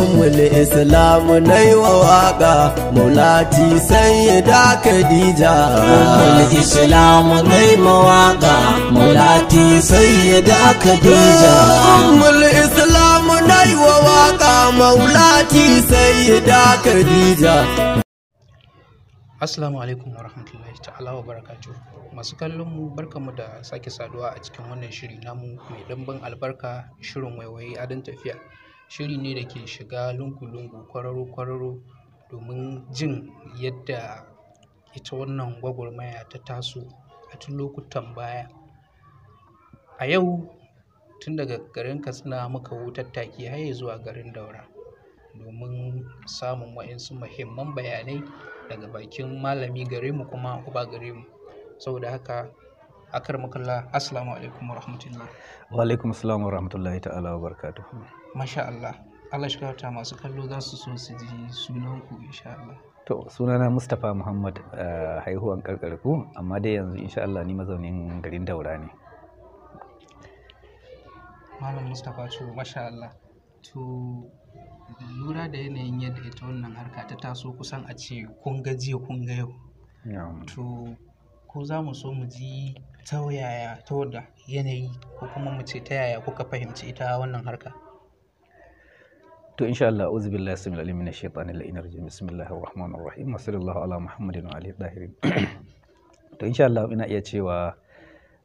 umul islam na yi wa waƙa maulati sayyida khadija umul islam na yi mawaƙa maulati sayyida khadija umul islam na yi wa waƙa maulati sayyida khadija Assalamu alaikum wa rahmatullahi ta'ala wa barakatuh. Masu kallon mu barkamu da sake saduwa a cikin wannan shiri namu mai ɗimbin albarka shirin waiwai adon tafiya. shiri ne da ke shiga lungu-lungu, kwararo-kwararo domin jin yadda ita wannan gwagwarmaya ta taso a tun lokutan baya. A yau tun daga garin Katsina muka yo tattaki har ya zuwa garin Daura domin samun wa'insu muhimman bayanai daga bakin malami gare mu kuma uba gare mu. Saboda haka akarmakallah, Assalamu alaikum warahmatullahi Wa alaikum assalam warahmatullahi ta'ala barakatuhu Masha Allah. Allah shi kawata masu kallo za su so su ji sunanku insha Allah. To sunana Mustapha Muhammad eh, haihuwan karkarku amma dai yanzu insha Allah ni mazaunin garin Daura ne. Malam Mustapha to Masha Allah. To lura da yanayin yadda ita wannan harka ta taso kusan a ce kun ga jiya kun ga yau. To ko za mu so mu ji ta yaya ta yanayi ko kuma mu ce ta yaya kuka fahimci ita wannan harka. to insha Allah auzu billahi samil alim min shaitanir la'in rajim bismillahir rahmanir rahim wa sallallahu ala muhammadin wa alihi tahirin to insha Allah ina iya cewa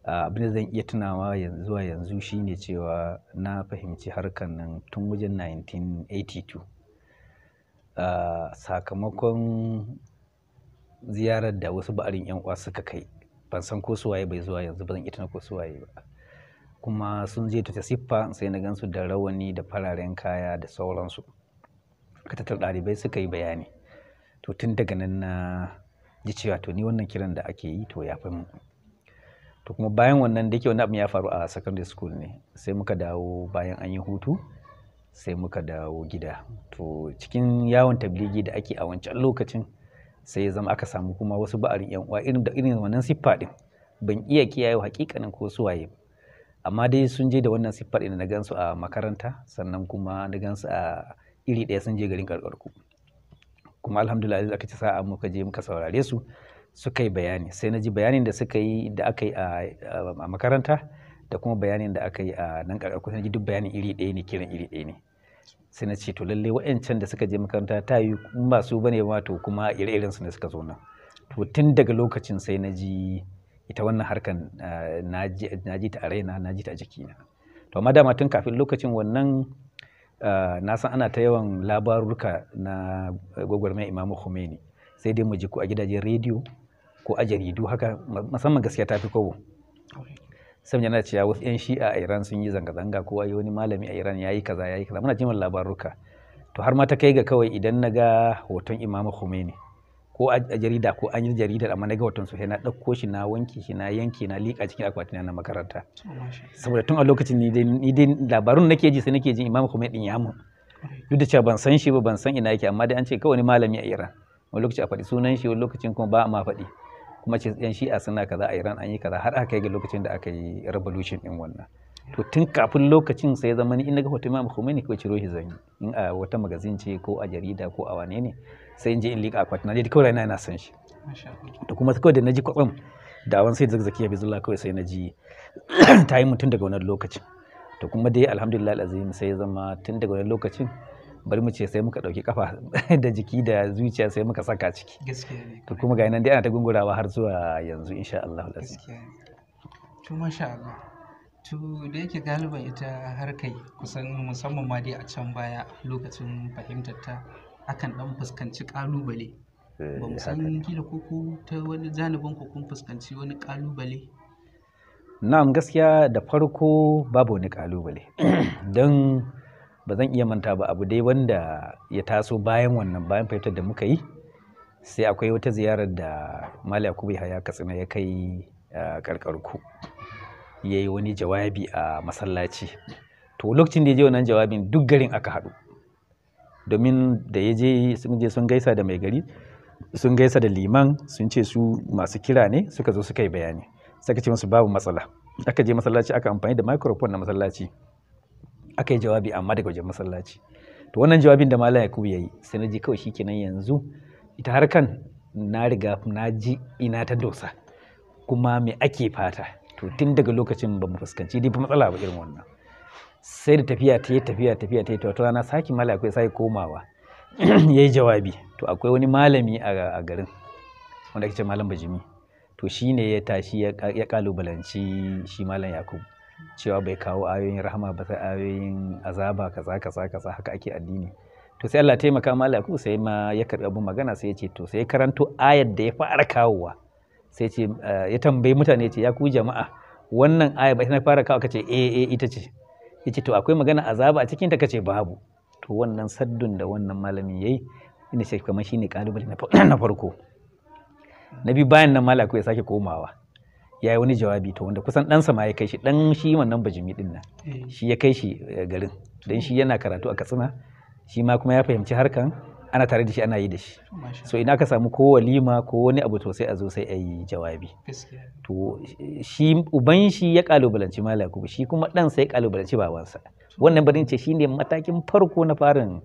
abin da zan iya tunawa yanzu zuwa yanzu shine cewa na fahimci harkan nan tun wajen 1982 sakamakon ziyarar da wasu ba'arin yan uwa suka kai ban san ko suwaye bai zuwa yanzu ba zan iya tuna ko suwaye ba kuma sun je ta siffa sai na gansu da rawani da fararen kaya da sauransu katattar ɗalibai suka yi bayani to tun daga nan na ji cewa to ni wannan kiran da ake yi to ya fi mu to kuma bayan wannan da yake wani abu ya faru a secondary school ne sai muka dawo bayan an yi hutu sai muka dawo gida to cikin yawon tabligi da ake a wancan lokacin sai ya zama aka samu kuma wasu ba'arin yan uwa irin da irin wannan siffa din ban iya kiyaye hakikanin ko suwaye ba amma dai sun je da wannan siffar ina na gansu a makaranta sannan kuma na gansu a iri ɗaya sun je garin karkarku kuma alhamdulillah aka ci sa'a muka je muka saurare su suka yi bayani sai na ji bayanin da suka yi da aka yi a makaranta da kuma bayanin da aka yi a nan karkarku sai na ji duk bayanin iri ɗaya ne kiran iri ɗaya ne sai na ce to lallai wa'ancan da suka je makaranta ta yi ba su bane ma to kuma iri-irinsu ne suka zo nan to tun daga lokacin sai na ji ita wannan harkan eh, na ji ta a raina na ji ta a jikina to amma dama tun kafin lokacin wannan eh, na san ana ta yawan labaruka na gwagwarmayar imamu khomeini sai dai mu ji ko a gidajen rediyo ko a jaridu haka musamman gaskiya ta fi kowo sam yana cewa wasu 'yan shi'a a iran sun yi zanga-zanga ko yi wani malami a iran ya yi kaza ya yi kaza muna jin labaruka to har ma ta kai ga kawai idan na ga hoton imamu khomeini ko a jarida ko an yi jaridar amma na ga watan sosai na ɗauko shi na wanke shi na yanke na liƙa cikin akwatina na makaranta oh, saboda tun a lokacin ni dai labarun nake ji sai nake jin imam kuma din yamu duk da cewa ban san shi ba ban san ina yake amma dai an ce kawai malami a Iran wani lokaci a faɗi sunan shi wani lokacin kuma ba a ma faɗi kuma ce yan a suna kaza a Iran an yi kaza har aka yi lokacin da aka yi revolution ɗin wannan to tun kafin lokacin sai zama ni in na ga hoton Imam ne kawai ciro shi zanyi in a wata magazin ce ko a jarida ko a wane ne sai in je in liƙa akwati na je kawai na yana san shi da kuma kawai da na ji kwatsam da wani sai zazzaki ya bizullah kawai sai na ji ta yi mutum daga wani lokacin to kuma dai alhamdulillah alazim sai zama tun daga wani lokacin bari mu ce sai muka ɗauki kafa da jiki da zuciya sai muka saka ciki to kuma ga nan dai ana ta gungurawa har zuwa yanzu insha Allah to masha Allah to da yake galiban ita kai, kusan musamman ma dai a can baya lokacin fahimtar ta akan dan fuskanci kalubale eh, ba mu san kila ko ku ta wani janibin ku kun fuskanci wani kalubale na'am gaskiya da farko babu wani kalubale don ba zan iya manta ba abu dai wanda ya taso bayan wannan bayan fahimtar da muka yi sai akwai wata ziyarar da mali yakubu ya katsina ya kai eh, karkarku ya yi wani jawabi a masallaci to lokacin da ya je wannan jawabin duk garin aka haɗu domin da ya je sun je sun gaisa da mai gari sun gaisa da liman sun ce su masu kira ne suka zo suka yi bayani suka ce musu babu matsala aka je masallaci aka amfani da microphone na masallaci aka yi jawabi amma daga wajen masallaci to wannan jawabin da malam yakubu ya yi sai na ji kawai shikenan yanzu ita har kan na riga na ji ina ta dosa kuma me ake fata to tun daga lokacin ba mu fuskanci dai matsala ba irin wannan sai da tafiya ta yi tafiya tafiya ta yi to rana saki malami akwai sai komawa ya yi jawabi to akwai wani malami a garin wanda ake ce malam bajimi to shi ne ya tashi ya kalubalanci shi malam yakubu cewa bai kawo ayoyin rahama ba sai ayoyin azaba kaza kaza kaza haka ake addini to sai Allah taimaka malam yakub sai ma ya karbi abun magana sai ya ce to sai karanto ayar da ya fara kawowa sai ce eh, ya tambayi mutane ya ce ya ku jama'a wannan aya ba ita na fara kawo kace eh eh ita ce ya ce to akwai magana azaba a cikin ta kace babu to wannan saddun da wannan malami ya yi inda shi kamar shi ne na farko na biyu bayan nan malaku ya sake komawa ya yi wani jawabi to wanda kusan ɗansa ma ya kai shi ɗan shi wannan bajimi ɗin nan eh. shi ya kai shi eh, garin don shi yana karatu a katsina shi ma kuma ya fahimci harkan ana tare da shi ana yi da shi so ina ka samu ko walima ko wani abu to sai a zo sai a yi jawabi to shi uban shi ya kalubalanci mala yakubu shi kuma dan sai kalubalanci babansa wannan barin ce shine matakin farko na farin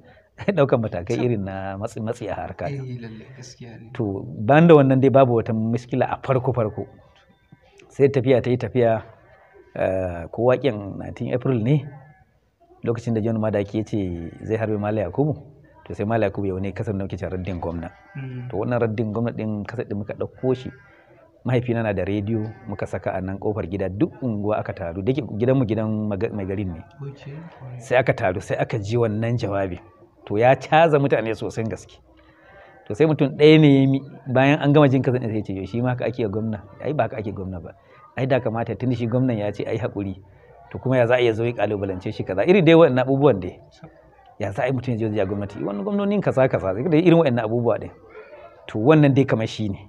daukan matakai irin na matsi matsi a harka eh, to ban da wannan dai babu wata muskila a farko farko sai tafiya ta yi tafiya eh, ko waƙen 19 april ne lokacin da john madaki ya ce zai harbe malam yakubu to sai mala ya wani kasar da muke raddin gwamna mm. to wannan raddin gwamna din kasar da muka dauko shi mahaifina na da rediyo muka saka a nan kofar gida duk unguwa aka taru da gidan mu gidan mai garin ne sai aka taru sai aka ji wannan jawabi to ya caza mutane sosai gaske to sai mutum ɗaya ne bayan an gama jin kasan sai ce shi ma haka ake gwamna ai ba haka ake gwamna ba ai da kamata tun shi gwamnan ya ce ai haƙuri to kuma ya za a iya zo ya kalubalance shi kaza iri dai wannan abubuwan dai ya za a yi mutum ya a gwamnati wannan gwamnonin kaza kaza da irin waɗannan abubuwa ɗin to wannan dai kamar shi ne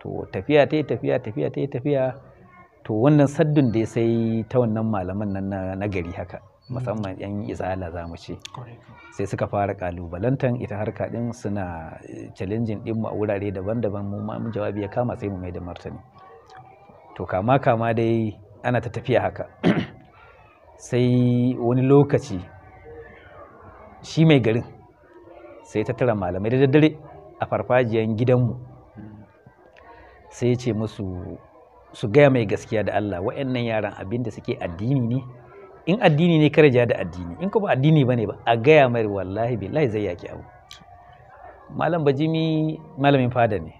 to tafiya ta yi tafiya tafiya ta yi tafiya to wannan saddun dai sai ta wannan malaman nan na nagari haka musamman yan izala za mu ce sai suka fara kalubalantan ita harka din suna eh, challenging din mu a wurare daban-daban mu ma jawabi ya kama sai mu mai da martani to kama kama dai ana ta tafiya haka sai wani lokaci shi mai garin sai ta tara malamai da daddare a farfajiyar gidanmu sai ya ce musu su gaya mai gaskiya da Allah wa'annan yaran abinda suke addini ne in addini ne kare da addini in kuma addini bane ba a gaya mai wallahi billahi zai yaki abu malam bajimi malamin fada ne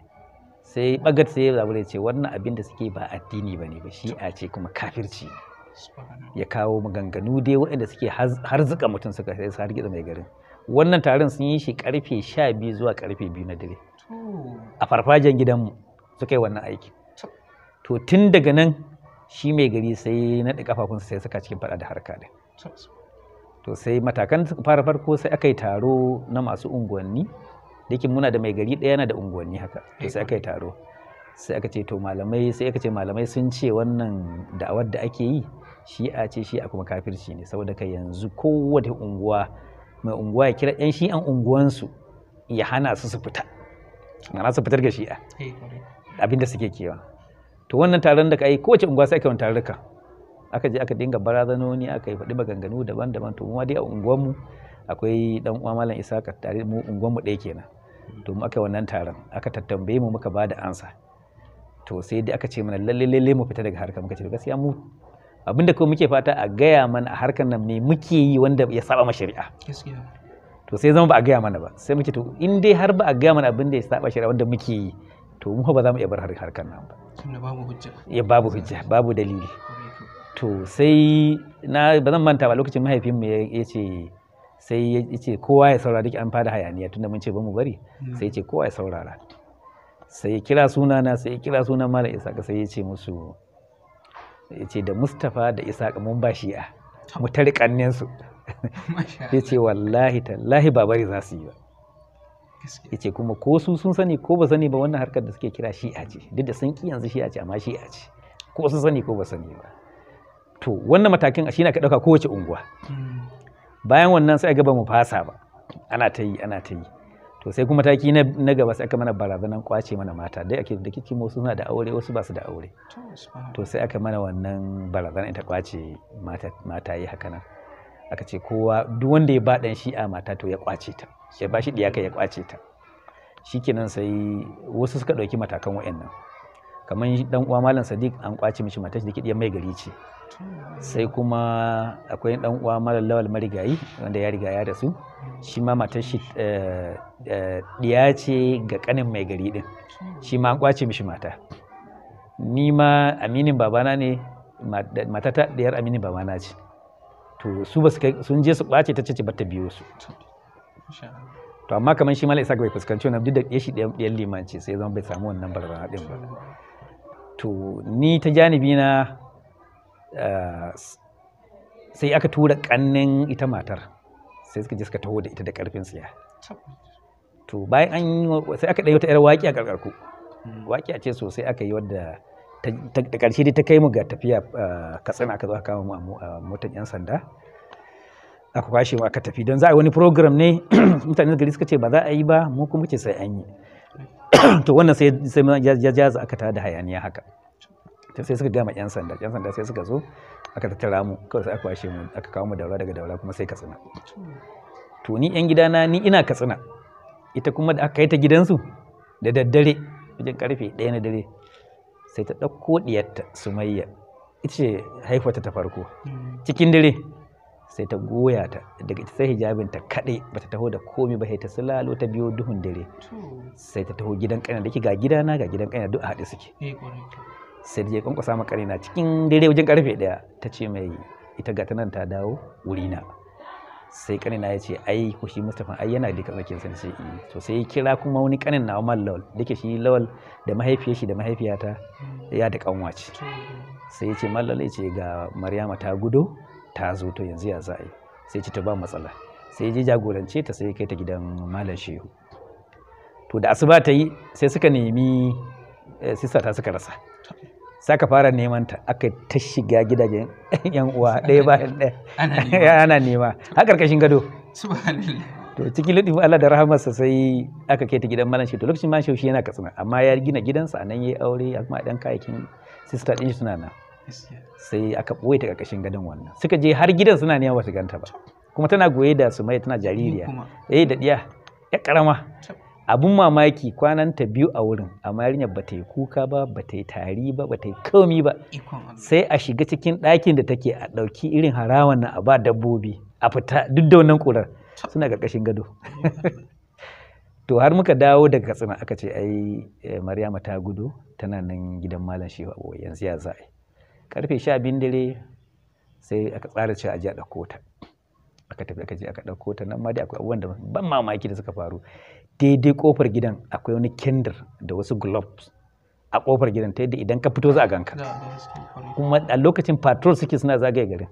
sai bagat sai ya zabure ce wannan abinda suke ba addini bane ba a ce kuma kafirci ne ya kawo maganganu dai waɗanda suke har harzuka mutum suka sai har gida mai garin wannan taron sun yi shi karfe sha biyu zuwa karfe biyu na dare a farfajen gidanmu suka yi wannan aiki to tun daga nan shi mai gari sai naɗe kafafun sai suka cikin faɗa da harka da to sai matakan fara farko sai aka yi taro na masu unguwanni da muna da mai gari ɗaya na da unguwanni haka to sai aka yi taro sai aka ce to malamai sai aka ce malamai sun ce wannan da'awar da ake yi shi'a ce shi'a kuma kafirci ne saboda ka yanzu kowace unguwa mai unguwa ya kira 'yan shi'an unguwansu ya hana su su fita mana su fitar ga shi'a eh, abinda suke kewa to wannan taron da ka yi kowace unguwa sai aka wani taruka aka je aka dinga barazanoni aka yi faɗi maganganu daban-daban to mu dai a unguwanmu akwai dan uwa malam isaka tare mu unguwanmu ɗaya kenan to mu aka yi wannan taron aka tattambaye mu muka bada ansa to sai dai aka ce mana lalle lalle mu fita daga harka muka ce gaskiya mu abinda kuma muke fata a gaya mana a harkar nan me muke yi wanda ya saba ma shari'a to sai zama ba a gaya mana ba sai muke to in dai har ba a gaya mana abinda ya saba shari'a wanda muke yi to mu ba za mu iya bar harkar nan ba babu hujja ya babu hujja babu dalili to sai na ba zan manta ba lokacin mu ya ce sai ya ce kowa ya saurara duk an fada hayaniya tunda mun ce ba mu bari hmm. sai ya ce kowa ya saurara sai ya kira sunana sai ya kira sunan malam isa sai ya ce musu ya ce da mustapha da isaka mun ba shi'a mu ta riƙannensu ya ce wallahi tallahi ba bari za su yi ba ya ce kuma ko su sun sani ko ba sani ba wannan harkar da suke kira shi a ce duk da sun ki yanzu a ce amma shi a ce ko sun sani ko ba sani ba to wannan matakin a shi na ka ɗauka kowace unguwa hmm. bayan wannan sai ga ba mu fasa ba ana ta yi ana ta yi to sai kuma taki na gaba sai aka mana barazanan kwace mana mata dai ake da kiki mu suna da aure wasu ba da aure to sai aka mana wannan barazana ita kwace mata mata yi haka nan aka ce kowa duk wanda ya ba dan shi'a mata to ya kwace ta ya ba shi diya ya kwace ta shikenan sai wasu suka dauki matakan wayannan kamar dan uwa malam sadiq an kwace mishi mata shi da mai gari ce sai kuma akwai ɗan uwa mara lawal marigayi wanda ya riga ya rasu shi ma matar shi eh, eh, ɗiya ce ga ƙanin mai gari ɗin? shi ma an ƙwace mishi mata ni ma aminin babana ne matata ɗiyar aminin babana ce to su ba sun je su kwace ta ce bata biyo su to amma kamar shi mala ga bai fuskanci wannan duk da ya shi ɗayan limanci sai zama bai samu wannan barbara ɗin ba to ni ta janibi na Eh, sai aka tura kannin ita matar sai suka je suka taho da ita da karfin siya to bayan an yi sai aka ɗaya wata yar waƙi a karkarku hmm. waƙi a ce sosai aka yi wadda da ƙarshe dai ta kai mu ga tafiya eh, katsina aka zo aka kama mu a motar yan sanda aka kwashe mu aka tafi don za a yi wani program ne mutane gari suka ce ba za a yi ba mu kuma ce sai an yi to wannan sai ya jaza aka tada hayaniya haka ta sai suka gama yan sanda yan sanda sai suka zo aka tattara mu kawai sai aka washe mu aka kawo mu daura daga daura kuma sai katsina to ni yan gidana ni ina katsina ita kuma da aka kai ta gidansu da daddare wajen karfe daya na dare sai ta ɗauko ɗiyarta sumayya ita ce haifata ta farko cikin dare sai ta goya ta daga ita sai hijabin ta ba bata taho da komi ba sai ta sulalo ta biyo duhun dare sai ta taho gidan kaina da ke ga gidana ga gidan kaina duk a hade suke eh, sai je kwankwasa ma na cikin dare wajen karfe daya ta ce mai ita ga nan ta dawo wurina sai kanina ya ce ai ko shi mustapha ai yana da kasakin san sai eh. to sai ya kira kuma wani kanin na umar lawal dake shi lawal da mahaifiyar shi da mahaifiyata hmm. ya da kanwace hmm. sai ya ce mallal ce ga maryama ta gudo ta zo to yanzu ya zaa. Sai ya ce ta ba matsala sai ya je jagorance ta sai kai ta gidan malam shehu to da asuba ta yi sai suka nemi eh, sista ta suka rasa saka fara neman ta aka ta shiga gidajen yan uwa ɗaya bayan ɗaya ana nema har karkashin gado to cikin lidin Allah da rahamarsa sai aka kai ta gidan malam shi to lokacin malam shi yana katsina amma ya gina gidansa a nan yayi aure kuma dan kayakin sister din shi suna nan sai aka boye ta karkashin gadon wannan suka je har gidan suna neman ba su ganta ba kuma tana goye da Sumayya tana jaririya eh da diya ya karama abun mamaki kwanan ta biyu a wurin amma ba ta yi kuka ba ba ta yi tari ba ba ta yi komi ba sai a shiga cikin ɗakin da take a ɗauki irin harawan nan a ba dabbobi a fita duk da wannan ƙurar suna ƙarƙashin gado to har muka dawo daga katsina aka ce ai eh, maryama ta gudu tana nan gidan malam shehu abuwa yanzu ya za'a karfe sha biyun dare sai aka tsara cewa aje a ɗauko ta aka tafi aka je aka ɗauko ta nan ma dai akwai abubuwan da ban mamaki da suka faru daidai kofar gidan akwai wani kendir da wasu gloves a kofar gidan ta yadda idan ka fito za a ganka kuma a lokacin patrol suke suna zagaye garin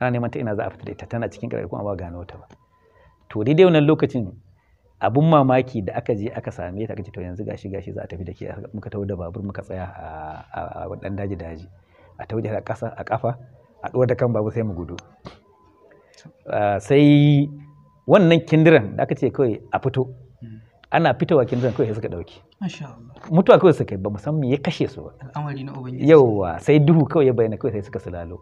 ana neman ta ina za a fita ita tana cikin karkar kuma ba gano ta ba to daidai wannan lokacin abun mamaki da aka je aka same ta kace to yanzu gashi gashi za a tafi da ke muka tawo da babur muka tsaya a dan daji daji a tawo da kasa a kafa a ɗora da kan babu sai mu gudu ah, sai wannan kindiran da aka ce kawai a fito ana fita wakin zan kawai suka dauki mutuwa kawai suka yi ba musamman ya kashe su ba yauwa sai duhu kawai ya bayyana kawai sai suka sulalo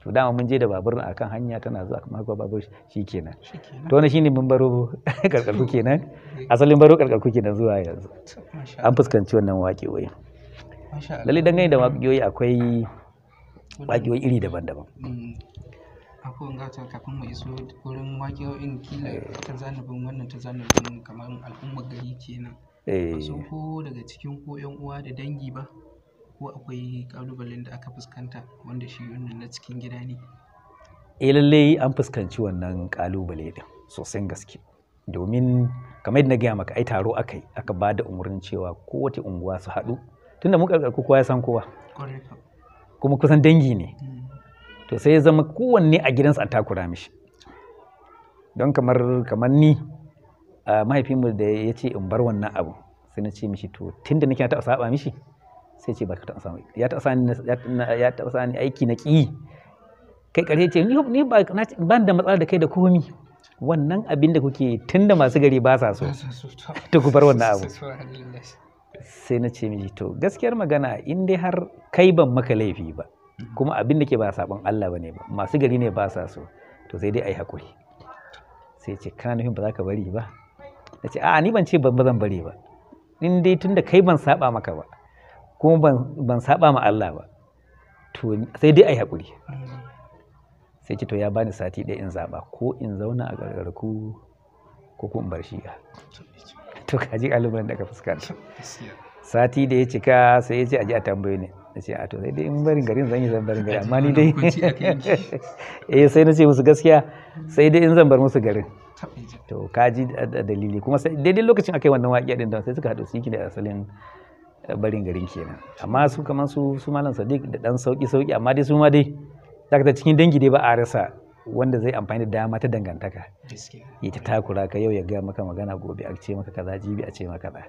to dama mun je da babur a kan hanya tana zuwa kuma ga babur shi kenan to shi shine mun baro karkarku kenan asalin baro karkarku kenan zuwa yanzu an fuskanci wannan wai. lalle dangane da waƙewoyi akwai waƙewoyi iri daban-daban mm. afuwan gata kafin mu iso wurin wake, waƙoƙin kila eh. ta zanubin wannan ta zanubin kamar al'ummar gari kenan eh. ba su ko daga cikin ko yan uwa da dangi ba ko akwai ƙalubalen da aka fuskanta wanda shi wannan na cikin gida ne eh lallai an fuskanci wannan ƙalubale din sosai gaske domin kamar yadda na gaya maka ai taro aka yi aka ba da umarnin cewa kowace unguwa su haɗu tunda mun ƙarƙarku kowa ya san kowa kuma kusan dangi ne mm. to sai ya zama kowanne a gidansa an takura mishi don kamar kamar ni mahaifinmu da ya ce in bar wannan abu sai na ce mishi to tun da nake taɓa saba mishi sai ce ba ka taɓa samu ya taɓa sani ya taɓa sani aiki na ƙi kai ƙarfi ce ni ba ban da matsala da kai da komi wannan abin da kuke tun da masu gari ba sa so to ku bar wannan abu sai na ce mishi to gaskiyar magana in dai har kai ban maka laifi ba kuma abin da ke ba sabon Allah bane ba masu gari ne ba sa so to sai dai ai hakuri sai ce kana nufin ba za ka bari ba A ce a'a ni ban ce ba zan bari ba in dai tunda kai ban saba maka ba kuma ban saba ma Allah ba to sai dai ai hakuri sai ce to ya bani sati ɗaya in zaba ko in zauna a gargarku ko ko in bar shiga to kaji kalubalen da ka fuskanta sati da ya cika sai ya ce a ji a tambaye ne na ce a to sai dai in barin garin zan yi zan barin garin amma ni dai eh sai na ce musu gaskiya sai dai in zan bar musu garin to kaji da dalili kuma sai daidai lokacin akai wannan waƙiya din da sai suka haɗu su yi da asalin eh, barin garin kenan amma su kamar su su malam sadiq da dan sauki sauki amma dai su ma dai zaka ta cikin dangi dai ba a rasa wanda zai amfani da dama ta dangantaka yi ta takura ka yau ya ga maka magana gobe a ce maka kaza jibi a ce maka kaza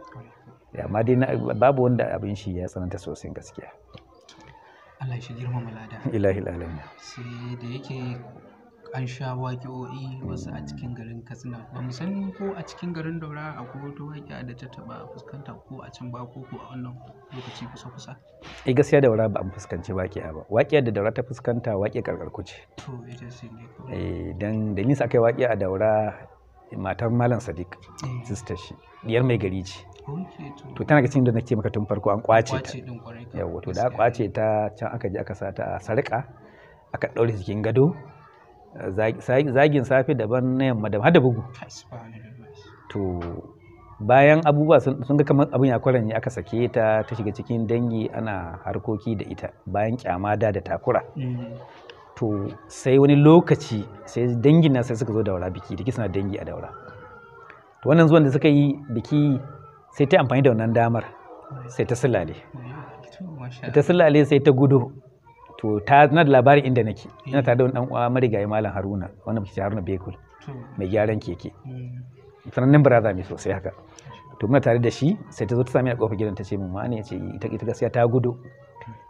Eh, amma dai babu wanda abin shi ya tsananta sosai gaskiya Allah shi girma malada ilahi alamin sai da yake an sha waƙoƙi wasu a cikin garin katsina ba mu san ko a cikin garin daura akwai wata waƙi da ta taɓa fuskanta ko a can ba ko ko a wannan lokaci kusa kusa eh gaskiya daura ba an fuskanci waƙiya ba waƙiya da daura ta fuskanta waƙiya karkarku ce to ita ce ne eh dan da nisa kai waƙiya a daura matar malam sadiq eh. sister shi diyar mai gari ce to tana ga cikin da nake maka tun farko an kwace ta yawa to da kwace ta can aka je aka sa ta a sarƙa aka ɗaure cikin gado zagin safe daban na yamma daban hada bugu to bayan abubuwa sun ga kamar abin ya kwaranye aka sake ta ta shiga cikin dangi ana harkoki da ita bayan kyamada da takura mm. to sai wani lokaci sai dangin na sai suka zo daura biki da suna dangi a daura to wannan zuwan da suka yi biki sai ta amfani da wannan damar sai ta sulale ta sulale sai ta gudu to ta na da labarin inda nake ina eh. tare da wani dan uwa marigayi malam haruna wanda muke haruna bekul mai gyaran keke eh. sanannen baraza mai sosai haka to muna tare da shi sai ta zo ta sami a kofar gidan ta ce ma ne ce ita ita gaskiya ta gudu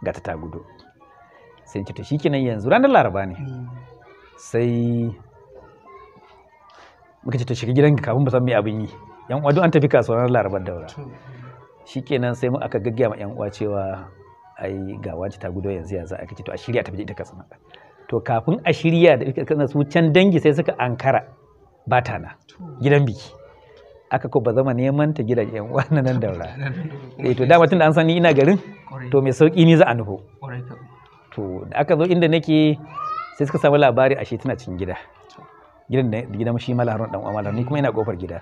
ga ta ta gudu sai ce to shikenan yanzu ranar laraba ne hmm. sai muka ce to shiga ka kafin mu san me abin yi yan uwa duk an tafi kasuwar larabar daura shikenan sai mu aka gaggaya ma yan uwa cewa ai ga waje ta gudo yanzu yanzu aka ce to a shirya tafi ita kasuwa to kafin a shirya da kana su can dangi sai suka ankara ba ta na gidan biki aka ko ba zama neman ta gidan yan uwa na nan daura eh to dama tun da an sani ina garin to mai sauki ni za a nufo to da aka zo inda nake sai suka samu labari ashe tana cikin gida gidan da gidan shi malaron dan uwa ni kuma ina kofar gida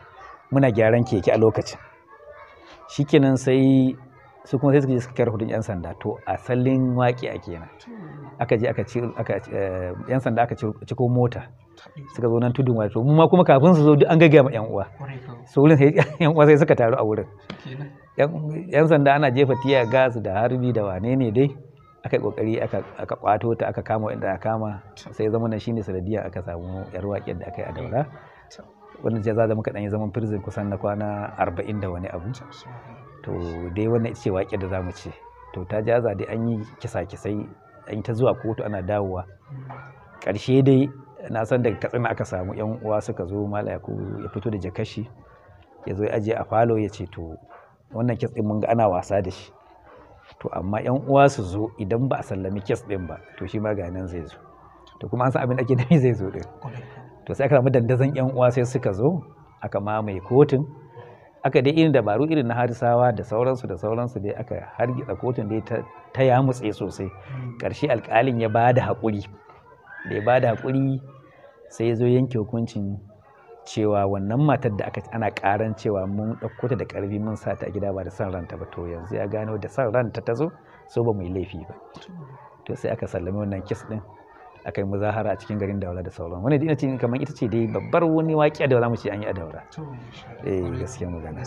muna gyaran keke a lokacin shikenan sai su kuma sai suka je suka kyar hudun yan sanda to asalin waƙi a kenan aka je aka ci eh, yan sanda aka ko mota suka zo nan tudun wato mu ma kuma kafin su zo duk an gaggaya ma yan uwa so wurin sai yan uwa sai suka taru a wurin yan sanda ana jefa tiya gas da harbi da wane ne dai aka kokari aka kwato ta aka kama inda aka kama sai zama na shine sanadiyar aka samu yar waƙiyar da aka yi a daura wannan jiya za da muka ɗanyi zaman firzin kusan na kwana arba'in da wani abu to dai wannan ita ce waƙe da za mu ce to ta jaza dai an yi kisa-kisai an yi ta zuwa kotu ana dawowa ƙarshe dai na san daga katsina aka samu yan uwa suka zo mala ya fito da jakashi ya zo ya ajiye a falo ya ce to wannan kes ɗin mun ga ana wasa da shi to amma yan uwa su zo idan ba a sallami kes ɗin ba to shi ma ga nan zai zo to kuma an san abin da ake dai zai zo din to sai aka samu dandazon yan uwa sai suka zo aka mamaye kotun aka dai irin dabaru irin na harisawa da sauransu da sauransu dai aka hargitsa kotun dai ta hmm. ya mutse sosai Karshe alkalin ya ba da haƙuri da ya ba da haƙuri sai ya zo yanke hukuncin cewa wannan matar da aka ana karan cewa mun ɗauko ta da ƙarfi mun sa ta a gida ba da san ranta ba to yanzu ya gano da san ranta ta zo so ba mu laifi ba to sai aka sallame wannan kis ɗin aka yi muzahara a cikin garin daula da sauran wani dina cikin kamar ita ce dai babbar wani waki a daula mu ce an yi a daula eh gaskiya mu gana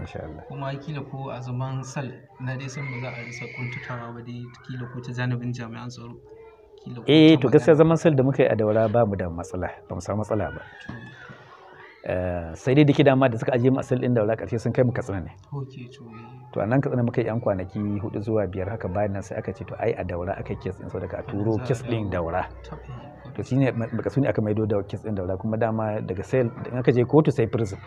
insha Allah kuma kila ko a zaman sal na dai san ba za a isa kuntutawa ba dai kila ko ta zanubin jami'an tsaro eh to gaskiya zaman sal da muka yi a daura ba mu da matsala ba mu samu matsala ba Eh, sai dai da ke dama da suka aje mu asali ɗin daura ƙarshe sun kai mu katsina ne to a nan katsina muka yi yan kwanaki hudu zuwa biyar haka bayan nan sai aka ce to ai a daura aka kes ɗin saboda ka turo kes ɗin daura to shine baka su ne aka maido da kes ɗin daura kuma dama daga sel in aka je kotu sai prison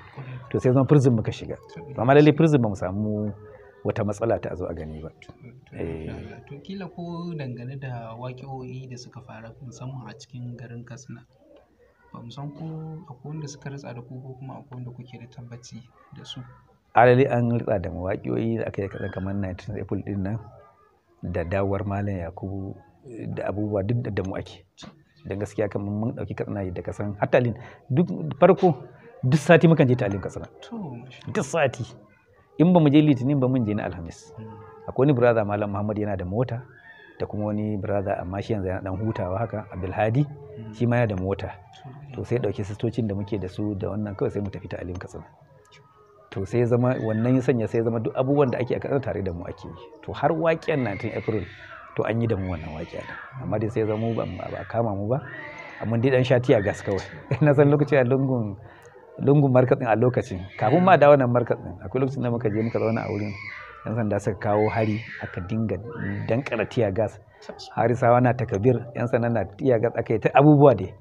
to sai zama prison muka shiga amma lalle prison ba mu samu wata matsala ta zo a gani ba. To eh. kila ko dangane da waƙi'o'i da suka faru musamman a cikin garin Katsina Ba mu san ko akwai wanda suka ritsa da ku ko kuma akwai wanda kuke da tabbaci da su. Alali an ritsa da mawaƙiyoyi da aka yi kaɗan kamar 19 April ɗin nan da dawowar Malam Yakubu da abubuwa duk da mu ake. Don gaskiya kamar mun ɗauki katsina da kasan hatalin duk farko duk sati mukan je talin katsina. Duk sati. In ba mu je litinin ba mun je na alhamis. Hmm. Akwai wani brother Malam Muhammad yana da mota da kuma wani brother amma shi yanzu yana dan hutawa haka Abdulhadi hmm. shi ma yana da mota. to sai dauki sistocin da muke da su da wannan kawai sai mu tafi ta alim katsina to sai zama wannan ya sanya sai zama duk abubuwan da ake a katsina tare da mu ake yi. to har na 19 april to an yi da mu wannan waƙiya amma dai sai zama ba kama mu ba amma dai dan a gas kawai na san lokaci a lungun lungun markatsin a lokacin kafin ma da wannan markatsin akwai lokacin da muka je muka zauna a wurin yan sanda suka kawo hari aka dinga dankara tiya gas harisawa na takabir yan sanda na tiya gas aka yi ta abubuwa dai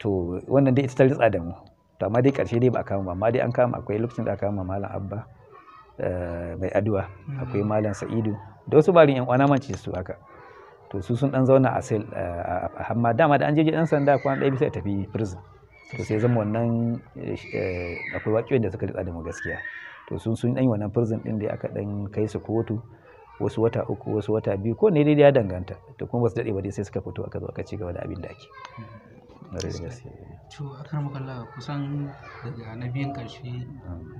to wannan dai ita ta ritsa da mu to amma dai karshe dai ba a kama amma dai an kama akwai lokacin da aka kama malam abba eh, mai aduwa hmm. akwai malam sa'idu da wasu barin yan uwana mace su haka to su sun dan zauna a sel eh, a hamma dama da an je dan sanda kuma ɗaya bisa tafi prison to sai zama wannan eh, akwai waki wanda suka ritsa da mu gaskiya to sun sun dan yi wannan prison din da aka dan kai su kotu wasu wata uku wasu wata biyu ko ne dai ya danganta to kuma ba su daɗe ba dai sai suka fito aka zo aka ci gaba da abin da ake hmm. to a kar makalla kusan daga na biyan ƙarshe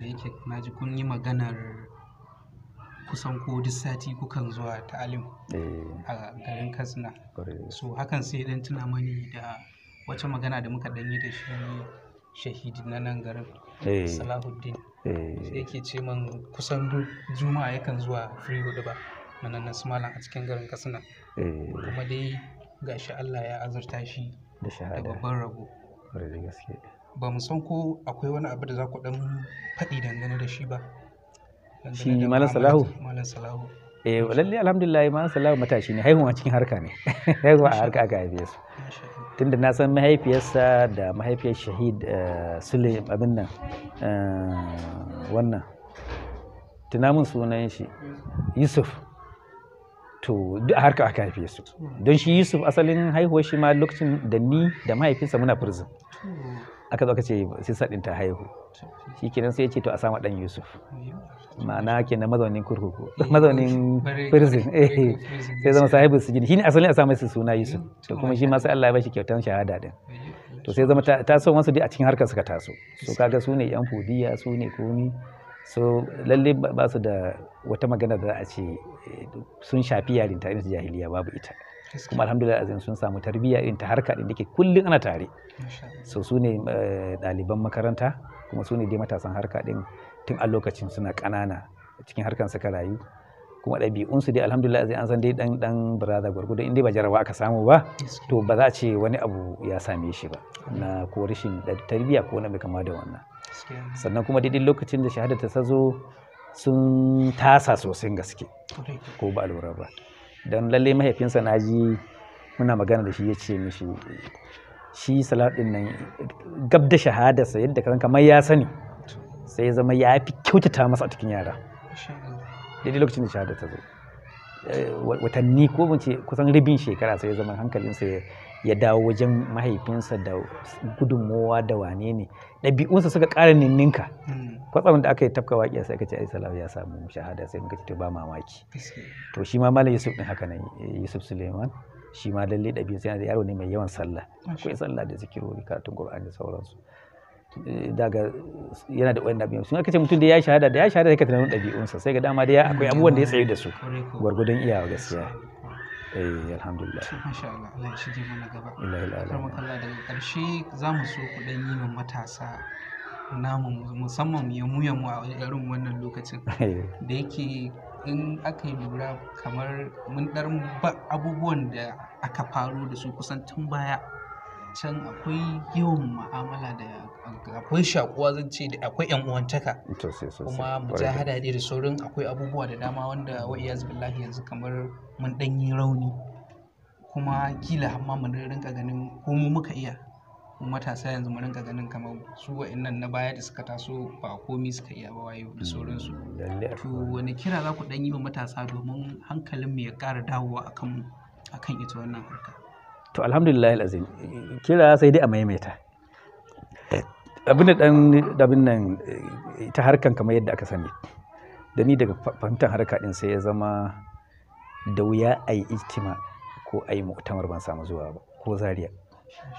da yake na ji kun yi maganar kusan ko duk sati kukan zuwa ta'alim eh. a garin katsina so hakan sai dan tuna mani da wacce magana da muka danyi da shi shahidi na nan garin eh. salahuddin eh. sai yake ce man kusan juma'a yakan zuwa free ba na nan a cikin garin katsina kuma dai gashi allah ya azurta shi da shahada da babban rabo da gaske ba mu san ko akwai wani abu da za ku dan faɗi dangane da shi ba shi malam salahu malam salahu eh lalle alhamdulillah malam salahu matashi ne haihuwa cikin harka ne haihuwa a harka aka haife su tunda na san mahaifiyarsa da mahaifiyar shahid eh, sule abin nan eh, wannan tunamin sunan shi yusuf to duk harka aka haife su don shi yusuf asalin haihuwar shi ma lokacin da ni da mahaifinsa muna firzin. aka zo aka ce sai ɗin ta haihu shi kenan sai ya ce to a sama ɗan yusuf ma'ana na mazaunin kurkuku mazaunin firzin. Eh, sai zama sahibu su jini shi ne asalin a sama su suna yusuf to kuma shi ma sai Allah ya bashi kyautan shahada din to sai zama ta so wasu dai a cikin harkar suka taso to kaga su ne yan fudiya su ne komi so lalle ba su da wata magana da za a ce eh, sun shafi yarinta irin jahiliya babu ita kuma alhamdulillah azin sun samu tarbiyya irin ta harka din dake kullun ana tare so su ne eh, ɗaliban makaranta kuma su ne dai matasan harka din tun a lokacin suna ƙanana cikin harkan suka rayu kuma ɗabi'unsu dai alhamdulillah zai an san dai dan dan baraza gwargwado in dai ba jarawa aka samu ba to ba za a ce wani abu ya same shi ba na ko rashin tarbiyya ko wani kama da wannan sannan kuma daidai lokacin da shahada ta zo sun tasa sosai gaske ko ba lura ba don lalle mahaifinsa na ji muna magana da shi ya ce mishi shi salatin nan gab da shahadarsa yadda kan kamar ya sani sai ya zama ya fi kyautata masa a cikin yara daidai lokacin da shahada ta zo eh, watanni ko mace kusan ribin shekara sai ya zama hankalinsa ya dawo wajen mahaifinsa da gudunmowa da wane ne ɗabi'unsa suka ƙara ninninka hmm. kwatsam da aka yi tafka waƙiya sai aka ce aisalam ya samu shahada sai muka ce to ba mamaki to shi ma malam yusuf ɗin haka nan yusuf suleiman shi ma lalle ɗabi'un yana da yaro ne mai yawan sallah akwai sallah da zikirori karatun qur'ani da sauransu daga yana da wannan ɗabi'un sun aka ce mutum da ya shahada da ya shahada sai ka tunanin ɗabi'unsa sai ga dama da ya akwai abubuwan da ya tsayu da su gwargwadon iyawa gaskiya eh alhamdulillah masha Allah Allah ya shige mana gaba illahi Allah daga karshe zamu so ku dan yi min matasa namu musamman yamu yamu a irin wannan lokacin eh. da yake in aka yi lura kamar mun dar abubuwan da aka faru da su kusan tun baya can akwai yawan ma'amala da akwai shakuwa zan ce da akwai yan uwantaka kuma mujahada dai da sauran akwai abubuwa da dama wanda wa iyaz billahi yanzu kamar mun dan yi rauni kuma kila amma mun rinka ganin ko mu muka iya matasa yanzu mu rinka ganin kamar su wa'annan na baya da suka taso ba komi suka iya ba wayo da sauransu mm, to wani kira za ku dan yi wa matasa domin hankalin mu ya ƙara dawowa akan akan ita wannan harka to alhamdulillah alazim kira sai dai a maimaita abin da ɗan abin nan ta harkan kamar yadda aka sani da ni daga fahimtar harka ɗin sai ya zama da wuya a yi ikima ko a yi muktamar ban samu zuwa ba ko Zariya.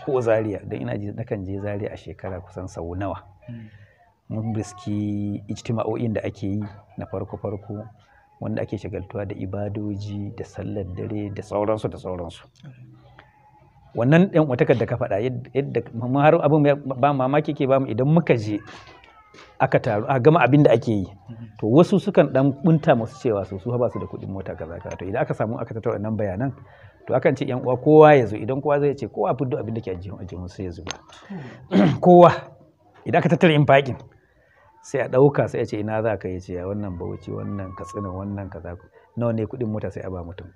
ko Zariya, don ina ji kan je Zariya a shekara kusan sau nawa hmm. mun biski ijtima'o'in da ake yi na farko farko wanda ake shagaltuwa da ibadoji da sallar dare da sauransu da sauransu hmm. wannan ɗan watakar da ka faɗa yadda har abin ba mamaki ke bamu idan muka je aka taru a gama abin da ake yi to wasu sukan dan bunta masu cewa su su ba su da kuɗin mota kaza kaza to idan aka samu aka tattauna nan bayanan to akan ce yan uwa kowa ya zo idan kowa zai ce kowa fiddo abin da ke ajiyar ajiyun sai ya zo kowa idan aka tattara in fakin sai a ɗauka sai a ce ina za ka yi ce wannan bauchi wannan katsina wannan kaza nawa ne kuɗin mota sai a ba mutum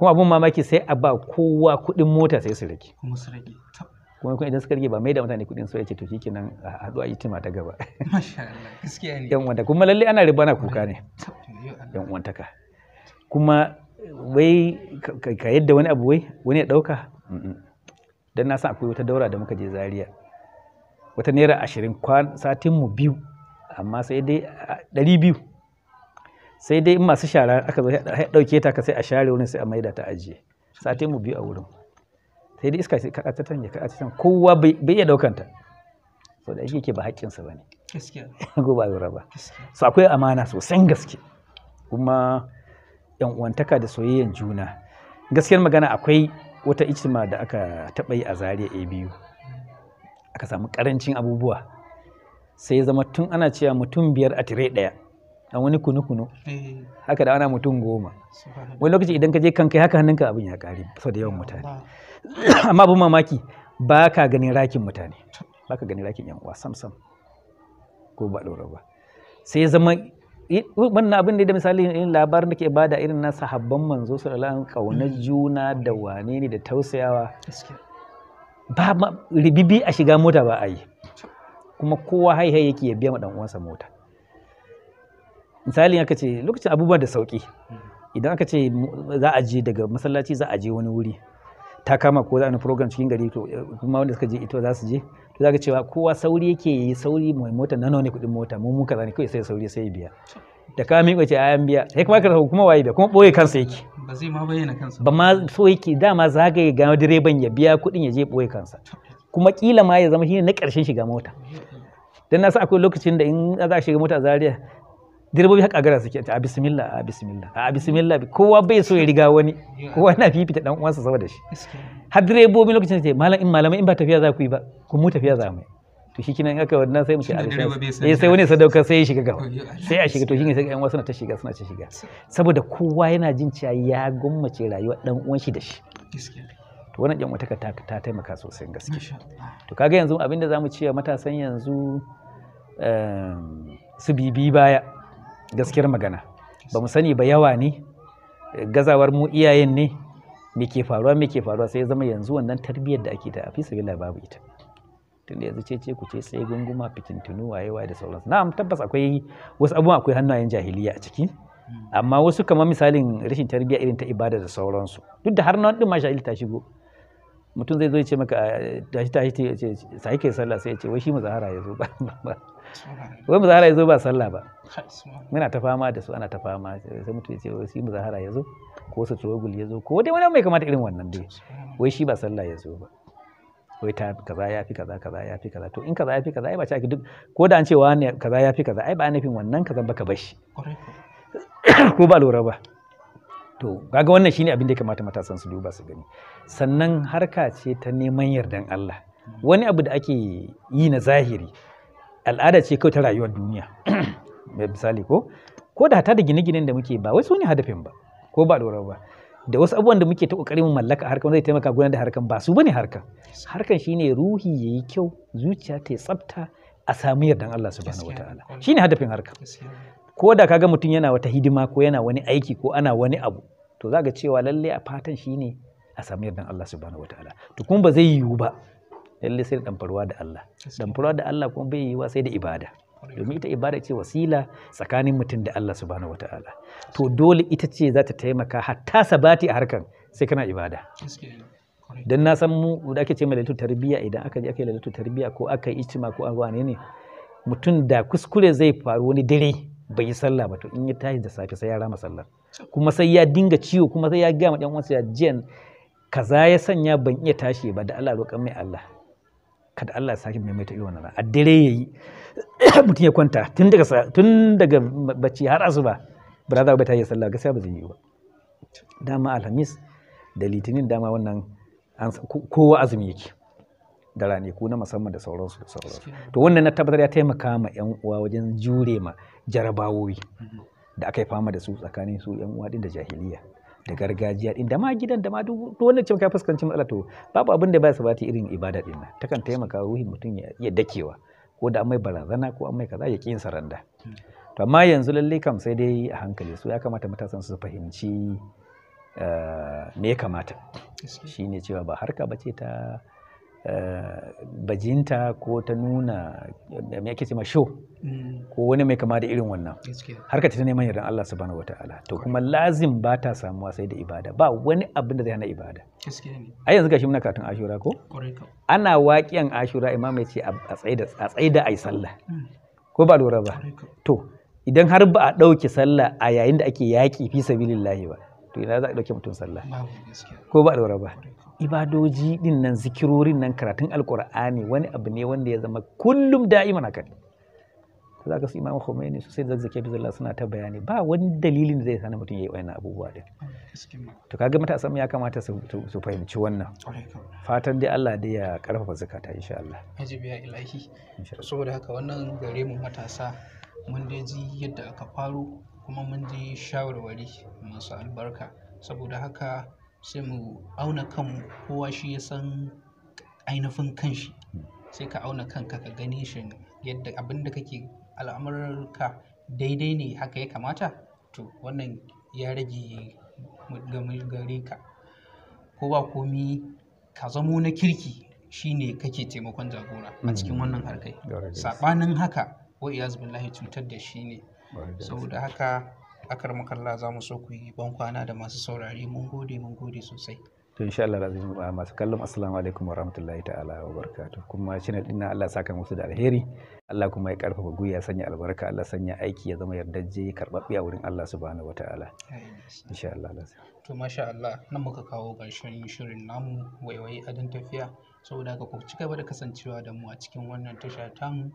kuma abun mamaki sai a ba kowa kuɗin mota sai su rage kuma kuma idan suka rage ba mai da mutane kuɗin su ya ce to nan a haɗu a yi tima ta gaba yan wanda kuma lalle ana riba na kuka ne yan wantaka kuma wai ka yadda wani abu wai wani ya ɗauka dan na san akwai wata daura da muka je Zariya wata naira ashirin satin mu biyu amma sai dai ɗari biyu sai dai in masu shara aka zo ɗauke ta ka sai a share wurin sai a maida ta ajiye sati mu biyu a wurin sai dai iska sai ka ta tanya ka ta tanya kowa bai iya daukan ta so da yake ba sa bane gaskiya go ba zura ba so akwai amana sosai gaske kuma yan uwantaka da soyayyen juna gaskiyar magana akwai wata ijtima da aka taɓa yi a Zariya a biyu aka samu ƙarancin abubuwa sai zama tun ana cewa mutum biyar a tire ɗaya dan wani kunu kunu eh. haka da ana mutum goma wani lokaci idan ka je kan kai haka hannunka abin ya kare sau da yawan mutane amma abin mamaki ba ka ganin rakin mutane ba ka ganin rakin yan sam sam ko ba ɗora ba sai zama wannan abin da misali yin labarin da ke bada irin na sahabban manzo su ala'an kaunar juna da wane ne da tausayawa ba ribibi a shiga mota ba a yi kuma kowa haihai yake ya biya ma ɗan uwansa mota misali aka ce lokacin abubuwa da sauki hmm. idan aka ce za a je daga masallaci za a je wani wuri ta kama ko za a program cikin gari to eh, kuma wanda suka je ito za su je to za ka cewa kowa sauri yake yi sauri mai mota nano ne kuɗin mota mu mu kaza ne kawai sai sauri sai biya da ka miƙa ce ayan biya sai kuma ka kuma waye biya kuma ɓoye kansa yake ba zai ma bayyana kansa ba ma so yake dama zagaye ga direban ya biya kuɗin ya je ɓoye kansa kuma kila ma ya zama shine na ƙarshen shiga mota hmm. dan na sa akwai lokacin da in za a shiga mota a Zariya. direbobi haka gara suke a bismillah a bismillah a bismillah kowa bai so ya riga wani kowa na fifita dan uwansa saboda shi har direbobi lokacin da ce malam in malamai in ba tafiya za ku yi ba ku mu tafiya za mu to shi kinan aka wannan sai mu ce a bismillah eh, sai wani sadaukar sai ya shiga gaba sai a shiga to shi ne sai ƴan wasu na ta shiga suna ta shiga saboda kowa yana jin cewa ya gummace rayuwar dan uwan shi da shi to wannan ƴan wataka ta taimaka sosai gaske to kaga yanzu abinda zamu ce matasan yanzu ehm, su bibi baya gaskiyar magana ba mu sani ba yawa ne gazawar mu iyayen ne me ke faruwa me ke faruwa sai ya zama yanzu wannan tarbiyyar da ake da afi sabila babu ita tunda yanzu ce ce ku ce sai gunguma fitintunu wayewa da sauransu na'am tabbas akwai wasu abubuwa akwai hannayen jahiliya a ciki amma wasu kamar misalin rashin tarbiyya irin ta ibada da sauransu duk da har nan din ma jahili ta shigo mutum zai zo ya ce maka tashi tashi ce sai ke sallah sai ya ce wai shi zahara ya zo ba wai muzahara ya zo ba sallah ba muna ta fama da su ana ta fama sai mutum ya ce wai shi muzahara ya zo ko su trogul ya zo ko dai wani mai kamata irin wannan dai wai shi ba sallah ya zo ba wai ta kaza ya fi kaza kaza ya fi kaza to in kaza ya fi kaza ai ba ci duk ko da an ce wani kaza ya fi kaza ai ba nufin wannan kaza baka bashi ko ba lura ba to kaga wannan shine abin da ya kamata matasan su duba su gani sannan harka ce ta neman yardan Allah hmm. wani abu da ake yi na zahiri al'ada ce kawai ta rayuwar duniya misali ko ko da hata da gine-ginen da muke ba wai su ne hadafin ba ko ba dorar ba da wasu abubuwan da muke ta kokarin mu mallaka harkan zai taimaka gudanar da harkan ba su bane harkan harkan shine ruhi yayi kyau zuciya ta tsafta a samu yardan Allah subhanahu wataala shine hadafin harka. ko da kaga mutum yana wata hidima ko yana wani aiki ko ana wani abu to zaka cewa lalle a fatan shine a samu yardan Allah subhanahu wataala to kuma ba zai yiwu ba lalle sai da damfarwa da Allah damfarwa da Allah kuma bai yi sai da ibada domin ita ibada ce wasila tsakanin mutum da Allah subhanahu wataala to dole ita ce za ta taimaka hatta sabati a harkan sai kana ibada dan na san mu da ake ce mai lalatu tarbiyya idan aka je aka yi lalatu tarbiyya ko aka yi ijtima ko an ne ne mutum da kuskure zai faru wani dare bai yi sallah ba to in ya tashi da safe sai ya rama sallah kuma sai ya dinga ciwo kuma sai ya gama ɗan wasu ya jiyan kaza ya sanya ban iya tashi ba da Allah roƙan mai Allah kada Allah ya sake maimaita irin wannan a dare yayi mutum ya kwanta tun daga tun daga bacci har asuba brother za ba ta yi sallah gaskiya ba zai yi ba dama alhamis da litinin dama wannan kowa azumi yake da ko na musamman da sauransu da sauransu to wannan na tabbatar ya taimaka ma yan uwa wajen jure ma jarabawoyi mm-hmm. da aka yi fama da su tsakanin su yan uwa din da jahiliya da gargajiya din da ma gidan da ma duk wannan ce ka fuskanci matsala to babu abin da ba su bata irin ibada din nan takan taimaka ruhin mutum ya dakewa ko da an mai barazana ko an mai kaza ya ƙi yin saranda to amma yanzu lalle kam sai dai a hankali su ya kamata matasan su fahimci eh, me ya kamata shine cewa ba harka ba ta eh, bajinta ko ta nuna me ake cewa show mm. ko wani mai kama da irin wannan harka ta neman yardan Allah subhanahu wataala to kuma lazim ba ta samuwa sai da ibada ba wani abin da zai hana ibada a yanzu gashi muna katun ashura ko ana waƙiyan ashura imam ya ce a tsaida a yi ai sallah hmm. ko ba lura ba to idan har ba a ɗauke sallah a yayin da ake yaƙi fi sabilillahi ba to ina za a dauke mutum sallah ko ba lura ba ibadoji dinnan nan zikirorin nan karatun alƙur'ani wani abu ne wanda ya zama kullum da'iman haka za ka su imam Khomeini su sai zazzake bizallah suna ta bayani ba wani dalilin da zai sani mutum ya yi wayannan abubuwa din to kaga matasan ya kamata su fahimci wannan fatan dai Allah dai ya karfafa zakata insha Allah ajibi ya ilahi saboda haka wannan gare mu matasa mun dai ji yadda aka faro kuma mun ji shawarwari masu albarka saboda haka sai mu auna kanmu kowa shi ya san ainihin kanshi hmm. sai ka auna kanka ka gani shi yadda abin da kake Al'amurka daidai ne haka ya kamata to wannan ya rage gare ka ko ba komi ka zamo na kirki shine kake taimakon jagora a hmm. cikin wannan harkai saɓanin haka wa iyaz billahi cutar da shi ne saboda haka akar makalla za mu so ku yi kwana da masu saurari. mun gode mun gode sosai to insha Allah razi mu masu kallon assalamu alaikum wa rahmatullahi ta'ala wa barakatuh kuma channel din Allah ya saka musu da alheri Allah kuma ya karfafa gwiwa sanya albarka Allah sanya aiki ya zama yardaje karɓaɓɓe a wurin Allah subhanahu wa ta'ala insha Allah to masha Allah nan muka kawo ƙarshen shirin namu waiwaye adon tafiya saboda ka ku ci gaba da kasancewa da mu a cikin wannan tasha mu.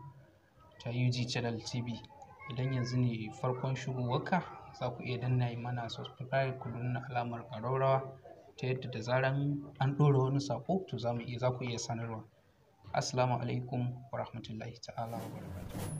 ta UG Channel TV idan yanzu ne farkon shigowarka za ku iya danna mana subscribe ku danna alamar ƙararrawa ta yadda da zaran an ɗora wani saƙo to za mu iya za ku iya sanarwa assalamu alaikum wa rahmatullahi ta'ala wa barakatuhu